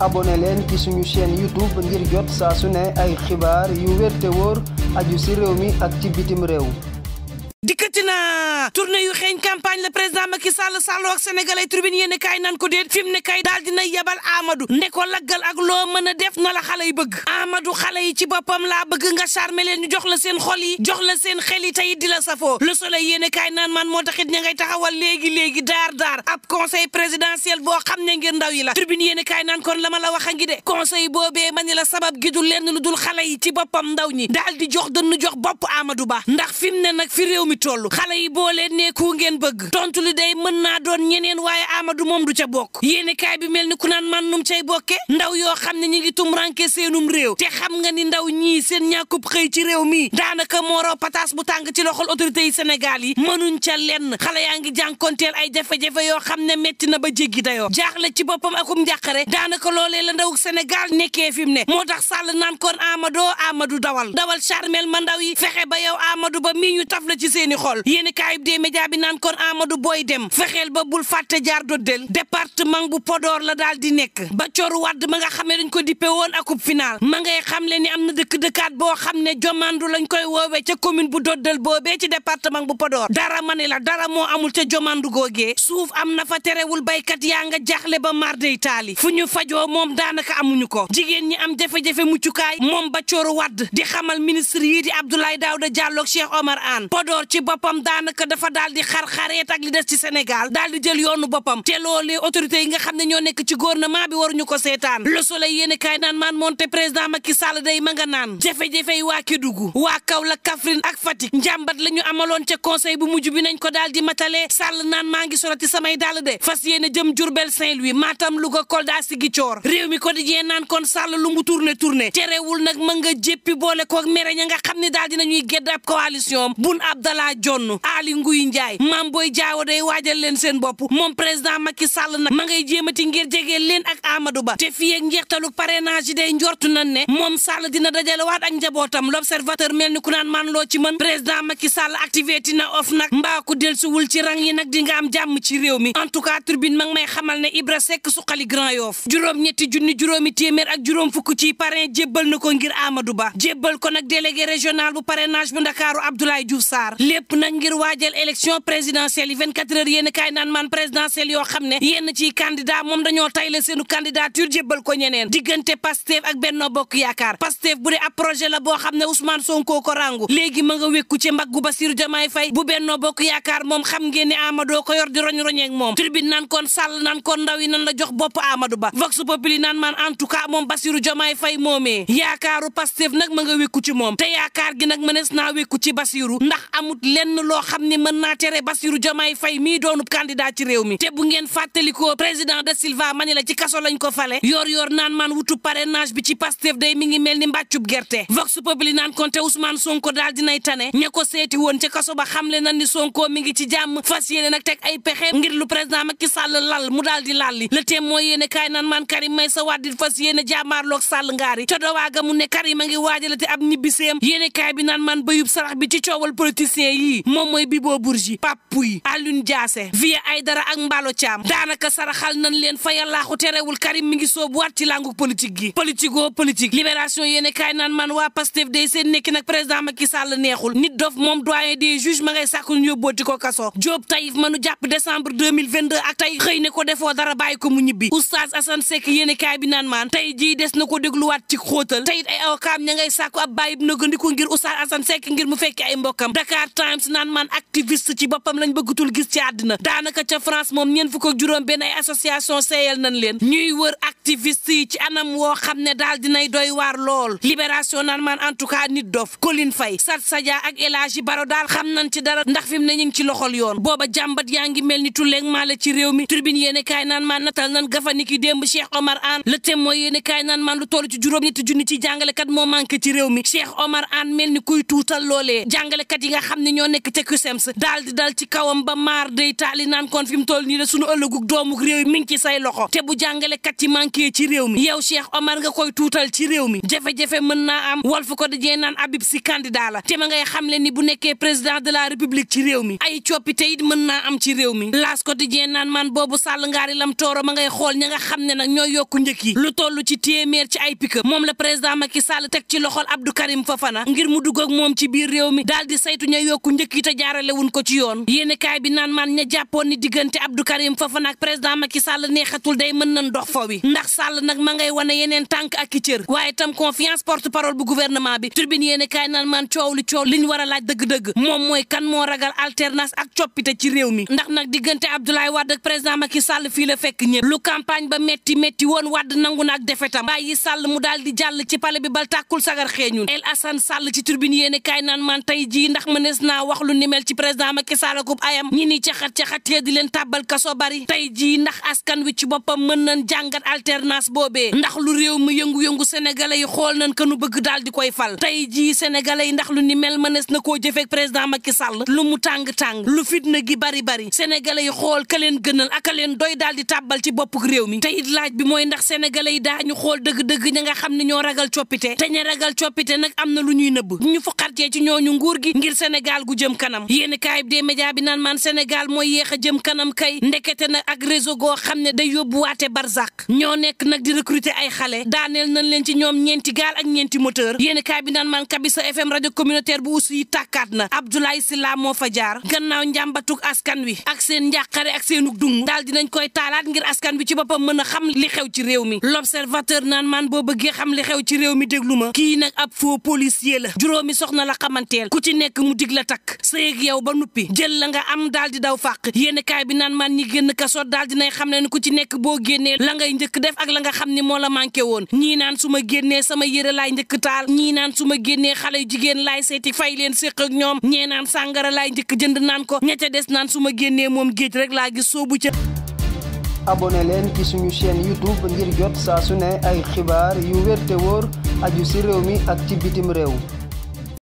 abonné leen ci suñu chaîne YouTube ngir jot sa su ne ay xibaar yu wér te wóor aju ci réew mi ak ci bitim réew metti na tournée yu xeeñ campagne la président Macky Sall sàlloo ak sénégalais tribune yéen kaay nan ko déet fi mu ne kay daal dina yebal Amadou ne ko laggal ak loo mën a def na la xale yi bëgg Amadou xale yi ci boppam laa bëgg nga charmer leen ñu jox la seen xol yi jox la seen xel yi tey di la safoo le soleil yéen kaay nan man moo taxit ña ngay taxawal léegi léegi daar daar ab conseil présidentiel boo xam ne ngir ndaw yi la tribune yéen kaay naan kon la ma la wax a ngi de conseil boobee ma la sabab gi du lenn lu dul xale yi ci boppam ndaw ñi daal di jox dënn jox bopp Amadou Ba ndax fi mu ne nag fi réew mi toll xale yi boo leen ne ku ngeen bëgg tontu li day mën naa doon ñeneen waaye Amadou moom du ca bokk yéeni kaay bi mel ni ku naan man num cay bokke ndaw yoo xam ne ñi ngi tum ranke seenum réew te xam nga ni ndaw ñii seen ñàkkub xëy ci réew mii daanaka moo raw pataas bu tàng ci loxol autorité yi Sénégal yi mënuñ ca lenn xale yaa ngi jànkonteel ay jafe-jafe yoo xam ne metti na ba jéggi dayoo jaaxle ci boppam akum njàqare daanaka loolee la ndaw Sénégal nekkee fi mu ne moo tax Sall naan koon Amadou Amadou dawal dawal charmel ma ndaw yi fexe ba yow Amadou ba mii ñu taf ci seeni xol xool yéeni kaayub dee média bi naan kon Amadou Boy dem fexeel ba bul fàtte jaar doddel département bu Podor la daal di nekk ba cor wadd ma nga xam ne dañ ko dippe woon akub final ma nga xam le ni am na dëkk dëkkaat boo xam ne jomandu lañ koy woowee ca commune bu doddel boobee ci département bu Podor dara ma ne la dara moo amul ca jomandu googee suuf am na fa terewul baykat yaa nga jaxle ba mar dey taali fu ñu fajoo moom daanaka amuñu ko jigéen ñi am jafe-jafe muccukaay moom ba cor wadd di xamal ministre yii di Abdoulaye Daouda Diallo ak Cheikh Omar boppam daanaka dafa daal di xar-xareet ak li des ci Sénégal daal di jël yoonu boppam te loolee autorités yi nga xam ne ñoo nekk ci gouvernement bi waruñu ko seetaan Le Soleil yéen kaay naan maan moonte président Macky sal day ma nga naan jafe-jafe yi waa Kédougou waa Kaolack Kaffrine ak Fatick njàmbat la ñu amaloon ca conseil bu mujj bi nañ ko daal di matale Sall naan maa ngi sorati samay dàll de fas yéene jëm Diourbel Saint-Louis Matam Louga Kolda Ziguinchor réew mi ko di jee naan kon Sall lu mu tourné tourné terewul nag ma nga jéppi boole koog mere ña nga xam ne daal dinañuy gedd ab coalition Boun Abdallah jonn Aly Ngouille Ndiaye Mame Boye Diao day waajal leen seen bopp moom président Macky Sall nag ma ngay jéemati ngir jegeel leen ak amadu Ba te fii ak njeextalu parrainage yi day njortu nan ne moom Sall dina dajalewaat ak njabootam l'observateur mel ni ku naan man loo ci mën président Macky Sall activé tina of nag mbaaku ku dellusiwul ci rang yi nag di nga am jàmm ci réew mi en tout cas tribune ma may xamal ne Ibra Seck suqali Grand Yoff juróom-ñetti junni juróomi téeméer ak juróom fukk ci parrain jébbal na ko ngir Amadou Ba jébbal ko nag délégué régional bu parrainage bu Ndakaaru Abdoulaye Diouf Sarr nag ngir waajal élection présidentielle yi 24 heures yéen kaay maan présidentielle yoo xam ne yénn ciy candidat moom dañoo tay la seenu candidature jébbal ko ñeneen diggante Pastef ak Benno Bokk Yaakaar Pastef bu dee ab la boo xam ne Ousmane Sonko ko rangu léegi ma nga wékku ci mbaggu Bassirou Diomaye Faye bu Benno Bokk Yaakaar moom xam ngeen ne Amadou ko yor di roñ-roñeeg moom tribune naan kon sàll naan kon ndaw yi nan la jox bopp Amadou Ba Vox Populi naan maan moom Bassirou Diomaye Faye moomee yaakaaru Pastef nag ma nga wékku ci ci Bassirou ndax amut lenn loo xam ne man naa tere Bassirou Diomaye Faye mii doonub candidat ci réew mi te bu ngeen fàttalikoo président da Silva mani la ci kaso lañ ko fale yoor yoor naan maan wutu parrainage bi ci Pastef day mi ngi mel ni mbàccub gerte vox populi naan kon te Ousmane Sonko daal dinay tane ña ko seeti woon ca kaso ba xamle na ni Sonko mi ngi ci jàmm fas yéene nag teg ay pexe ngir lu président Macky Sall lal mu daal di lalli le thème mooy yéene kaay naan maan Karim a ngi waajalate ab ñibbiseem yéene kaay bi naan maan yi moom mooy Bibo Bourgi Pape Pouy Alioune Diassé Vieux Aïdara ak Mballo Thiam daanaka saraxal nañ leen fa yàllaaxu terewul Karim mi ngi soobuwaat ci langu politique gi politico politique libération yéene kaay naan man waa Pastef day seen nekki nag président Macky Sall neexul nit dof moom doyen des juges ma ngay sàkku ñu yóbbooti ko kaso Diop Taïf manu jàpp décembre 2022 ak tey xëy ne ko defoo dara bàyyi ko mu ñibbi oustaz Assane Seck yéene kaay bi naan maan tey jii des na ko dégluwaat ci xóotal teyit ay awokaam ña ngay sàkku ab bàyyib nëgandiku ngir oustaz Assane Seck ngir mu fekki ay mbokkam Dakar Times naan man activiste ci boppam lañ bëggatul gis ci àddina daanaka ca France moom ñeen fukk ak juróom benn ay association seeyal nañ leen ñuy wër ak activiste yi ci anam woo xam ne daal dinay doy waar lool libération naan maan en tout cas nit dof Colline Faye Sat Sadia ak El Baro daal xam nañ ci dara ndax fi ne ñu ngi ci loxol yoon booba jàmbat yaa ngi mel ni tulleeg maala ci réew mi turbine yéene kaay naan maan natal nan gafani ki démb Cheikh Omar Anne le témoin yéene kaay naan maan lu toll ci juróom ñetti junni ci jàngalekat moo manqué ci réew mi Cheikh Omar Anne mel ni kuy tuutal loolee jàngalekat yi nga xam ne ñoo nekk ca CUSEMS daal di dal ci kawam ba maar day taali naan kon fi mu toll nii la sunu ëllëgug doomuk réew mi ngi ci say loxo te bu jàngalekat yi manqué ci réew mi yow Cheikh Omar nga koy tuutal ci réew mi jafe-jafe mën naa am Walf Quotidien naan Habib Sy candidat la te ma ngay xam le ni bu nekkee président de la république ci réew mi ay coppite it mën naa am ci réew mi L'As Quotidien naan man boobu sàll ngaari lam tooro ma ngay xool ña nga xam ne nag ñoo yokku njëkk yi lu toll ci téeméer ci ay pick moom la président Macky Sall teg ci loxol Abdou Karim Fofana ngir mu dugg ak ci biir réew mi di saytu ña yokku njëkk te jaarale ko ci yoon yéenekaay bi naan man ña jàppoon ni diggante Abdou Karim Fofana ak président Macky Sall neexatul day mën nañ dox fo wi ndax Sall nag ma ngay wane yeneen tànk ak i cër waaye tam confiance porte parole bu gouvernement bi turbine yéen kaay naan man a laaj dëgg-dëgg moom mooy kan moo ragal alternance ak coppite ci réew mi fii la fekk ñëpp lu campagne ba metti metti woon Wade nangu na ak defetam bàyyi Sall mu daal di jàll ci palais bi bal tàkkul sagar xeeñul El Hassan Sall ci turbine yéen kaay naan man tey jii ndax mënees naa wax lu ni mel ci président Macky Sall akub ayam ñi ni caxat caxat di leen tàbbal kaso bari tey jii ndax askan wi ci boppam mën nañ jàngat alternance boobee ndax lu réew mi yëngu-yëngu sénégalais yi xool nañ ka nu bëgg daal di koy fal tey jii sénégalais yi ndax lu ni mel mënees na koo jëfeek président Macky Sall lu mu tàng-tàng lu fitna gi bari bari sénégalais yi xool ka leen gënal ak ka leen doy daal di tàbbal ci bopp réew mi te laaj bi mooy ndax sénégalais yi ñu xool dëgg-dëgg ña nga xam ne ñoo ragal coppite te ña ragal coppite nag am na lu ñuy nëbb ñu fu fuqartee ci ñu nguur gi ngir sénégal gu jëm kanam yéen kaayib des média bi naan maan sénégal mooy yéex a jëm kanam kay ndekete nag ak réseau goo xam ne day yóbbuwaate barzak ñoo nekk nag di recruter ay xale daaneel nañ leen ci ñoom ñeenti gaal ak ñeenti moteur yéeni kaay bi naan maan kabisa fm rajo communautaire bu usu yi tàkkaat na Abdoulaye Sylla moo fa jaar gannaaw njàmbatuk askan wi ak seen njàqare ak seenuk dung di dinañ koy taalaat ngir askan wi ci boppam mën a xam li xew ci réew mi l'observateur naan man boo bëggee xam li xew ci réew mi déglu ma kii nag ab faux policier la juróomi soxna la xamanteel ku ci nekk mu dig la takk sëyeg yow ba nuppi jël la nga am daal di daw fàq yéeni bi naan maan ñi génn kaso daal dinay xam ne ku ci nekk boo génnee la ngay njëkk ak la nga xam ne moo la manqué woon ñii naan su ma génnee sama yére laay njëkk taal ñii naan su ma génnee xale jigéen laay seeti fay leen séq ak ñoom ñee naan sàngara laay njëkk jënd naan ko ña des naan su ma génnee moom géej rek laa gis soobu ca abonné leen ci suñu chaîne youtube ngir jot saa su ne ay xibaar yu wér te wóor aju si réew mi ak ci bitim réew